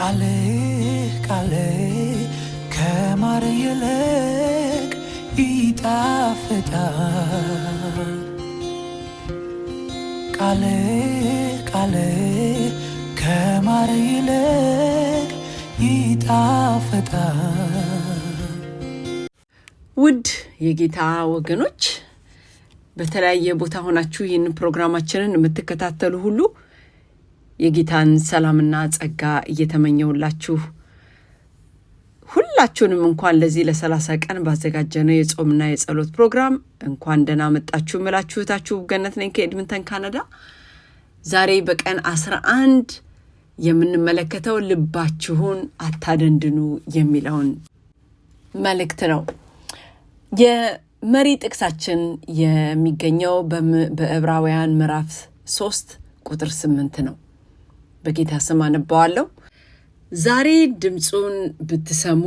ቃሌ ቃሌ ከማር ይልቅ ይጣፍጣል። ቃሌ ቃሌ ከማር ይልቅ ይጣፍጣል። ውድ የጌታ ወገኖች በተለያየ ቦታ ሆናችሁ ይህንን ፕሮግራማችንን የምትከታተሉ ሁሉ የጌታን ሰላምና ጸጋ እየተመኘውላችሁ ሁላችሁንም እንኳን ለዚህ ለሰላሳ ቀን ባዘጋጀነው የጾምና የጸሎት ፕሮግራም እንኳን ደህና መጣችሁ እምላችሁ ውብገነት ነኝ ከኤድምንተን ካናዳ። ዛሬ በቀን አስራ አንድ የምንመለከተው ልባችሁን አታደንድኑ የሚለውን መልእክት ነው። የመሪ ጥቅሳችን የሚገኘው በዕብራውያን ምዕራፍ ሶስት ቁጥር ስምንት ነው። በጌታ ስም አነባዋለሁ። ዛሬ ድምፁን ብትሰሙ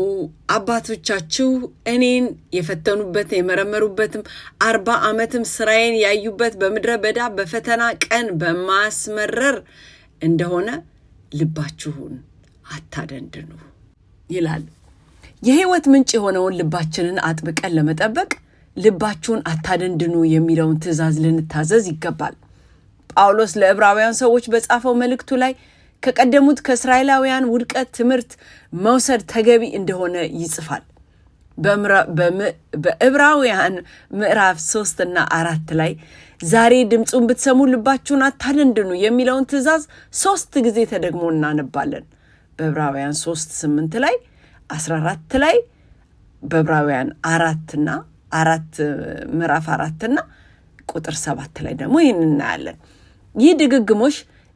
አባቶቻችሁ እኔን የፈተኑበት የመረመሩበትም አርባ ዓመትም ስራዬን ያዩበት በምድረ በዳ በፈተና ቀን በማስመረር እንደሆነ ልባችሁን አታደንድኑ ይላል። የህይወት ምንጭ የሆነውን ልባችንን አጥብቀን ለመጠበቅ ልባችሁን አታደንድኑ የሚለውን ትዕዛዝ ልንታዘዝ ይገባል። ጳውሎስ ለዕብራውያን ሰዎች በጻፈው መልእክቱ ላይ ከቀደሙት ከእስራኤላውያን ውድቀት ትምህርት መውሰድ ተገቢ እንደሆነ ይጽፋል። በዕብራውያን ምዕራፍ ሶስትና አራት ላይ ዛሬ ድምፁን ብትሰሙ ልባችሁን አታደንድኑ የሚለውን ትእዛዝ ሶስት ጊዜ ተደግሞ እናነባለን። በዕብራውያን ሶስት ስምንት ላይ አስራ አራት ላይ በዕብራውያን አራትና አራት ምዕራፍ አራትና ቁጥር ሰባት ላይ ደግሞ ይህን እናያለን። ይህ ድግግሞሽ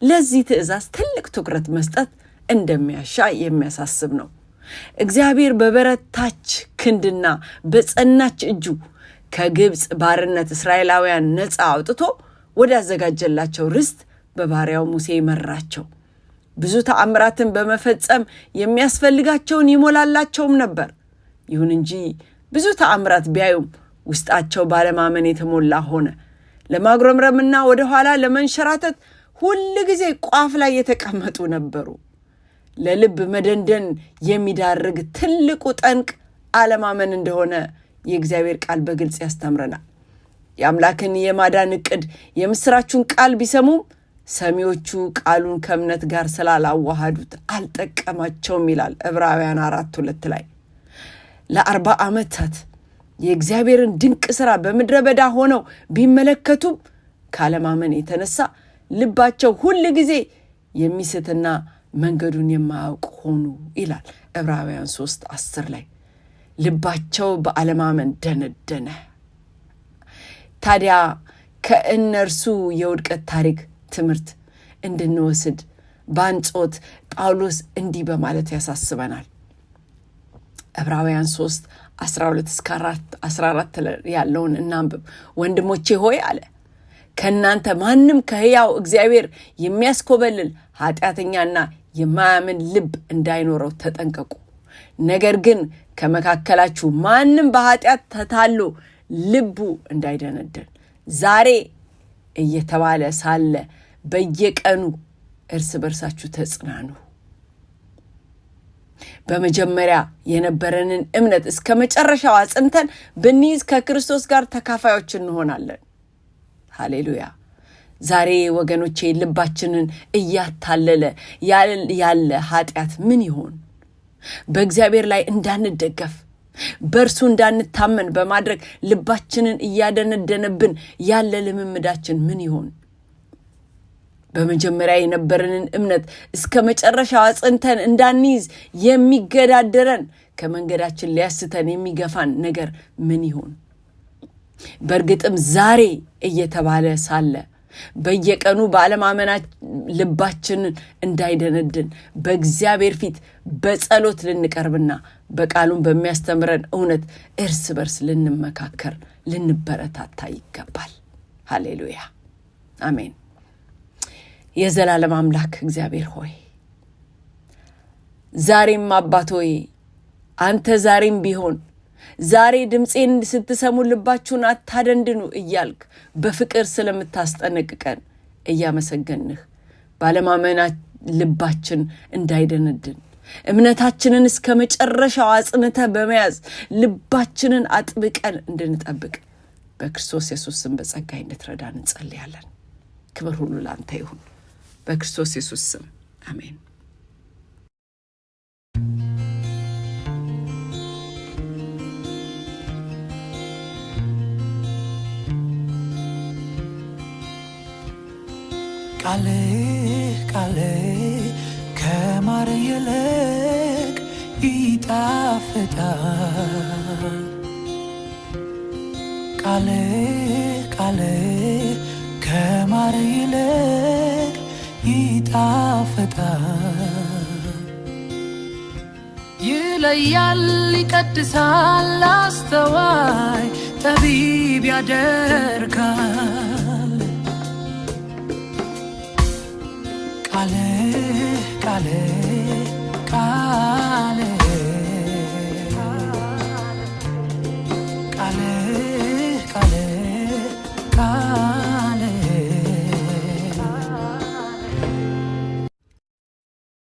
ለዚህ ትእዛዝ ትልቅ ትኩረት መስጠት እንደሚያሻ የሚያሳስብ ነው። እግዚአብሔር በበረታች ክንድና በጸናች እጁ ከግብፅ ባርነት እስራኤላውያን ነፃ አውጥቶ ወዳዘጋጀላቸው ርስት በባሪያው ሙሴ መራቸው። ብዙ ተአምራትን በመፈጸም የሚያስፈልጋቸውን ይሞላላቸውም ነበር። ይሁን እንጂ ብዙ ተአምራት ቢያዩም ውስጣቸው ባለማመን የተሞላ ሆነ። ለማጉረምረምና ወደኋላ ለመንሸራተት ሁል ጊዜ ቋፍ ላይ የተቀመጡ ነበሩ። ለልብ መደንደን የሚዳርግ ትልቁ ጠንቅ አለማመን እንደሆነ የእግዚአብሔር ቃል በግልጽ ያስተምረናል። የአምላክን የማዳን እቅድ የምስራቹን ቃል ቢሰሙም ሰሚዎቹ ቃሉን ከእምነት ጋር ስላላዋሃዱት አልጠቀማቸውም ይላል ዕብራውያን አራት ሁለት ላይ ለአርባ ዓመታት የእግዚአብሔርን ድንቅ ስራ በምድረ በዳ ሆነው ቢመለከቱም ካለማመን የተነሳ ልባቸው ሁል ጊዜ የሚስትና መንገዱን የማያውቅ ሆኑ ይላል ዕብራውያን ሶስት አስር ላይ ልባቸው በአለማመን ደነደነ። ታዲያ ከእነርሱ የውድቀት ታሪክ ትምህርት እንድንወስድ በአንጾት ጳውሎስ እንዲህ በማለት ያሳስበናል። ዕብራውያን ሶስት 12 እስከ 14 ያለውን እናንብብ። ወንድሞቼ ሆይ አለ ከእናንተ ማንም ከህያው እግዚአብሔር የሚያስኮበልል ኃጢአተኛና የማያምን ልብ እንዳይኖረው ተጠንቀቁ። ነገር ግን ከመካከላችሁ ማንም በኃጢአት ተታሎ ልቡ እንዳይደነደን ዛሬ እየተባለ ሳለ በየቀኑ እርስ በርሳችሁ ተጽናኑ። በመጀመሪያ የነበረንን እምነት እስከ መጨረሻው አጽንተን ብንይዝ ከክርስቶስ ጋር ተካፋዮች እንሆናለን። ሃሌሉያ። ዛሬ ወገኖቼ ልባችንን እያታለለ ያለ ኃጢአት ምን ይሆን? በእግዚአብሔር ላይ እንዳንደገፍ በእርሱ እንዳንታመን በማድረግ ልባችንን እያደነደነብን ያለ ልምምዳችን ምን ይሆን? በመጀመሪያ የነበረንን እምነት እስከ መጨረሻው አጽንተን እንዳንይዝ የሚገዳደረን ከመንገዳችን ሊያስተን የሚገፋን ነገር ምን ይሆን? በእርግጥም ዛሬ እየተባለ ሳለ በየቀኑ በአለማመና ልባችንን እንዳይደነድን በእግዚአብሔር ፊት በጸሎት ልንቀርብና በቃሉን በሚያስተምረን እውነት እርስ በርስ ልንመካከር፣ ልንበረታታ ይገባል። ሃሌሉያ አሜን። የዘላለም አምላክ እግዚአብሔር ሆይ ዛሬም አባት ሆይ አንተ ዛሬም ቢሆን ዛሬ ድምፄን ስትሰሙ ልባችሁን አታደንድኑ እያልክ በፍቅር ስለምታስጠነቅቀን እያመሰገንህ ባለማመና ልባችን እንዳይደነድን እምነታችንን እስከ መጨረሻው አጽንተ በመያዝ ልባችንን አጥብቀን እንድንጠብቅ በክርስቶስ የሱስ ስም በጸጋይ እንድትረዳን እንጸልያለን። ክብር ሁሉ ለአንተ ይሁን። በክርስቶስ ኢየሱስ ስም አሜን። ቃሌ ቃሌ ከማር ይልቅ ይጣፍጣል ቃሌ ሲጣፈጣ ይለያል ይቀድሳል አስተዋይ ጠቢብ ያደርጋል ቃልህ ቃልህ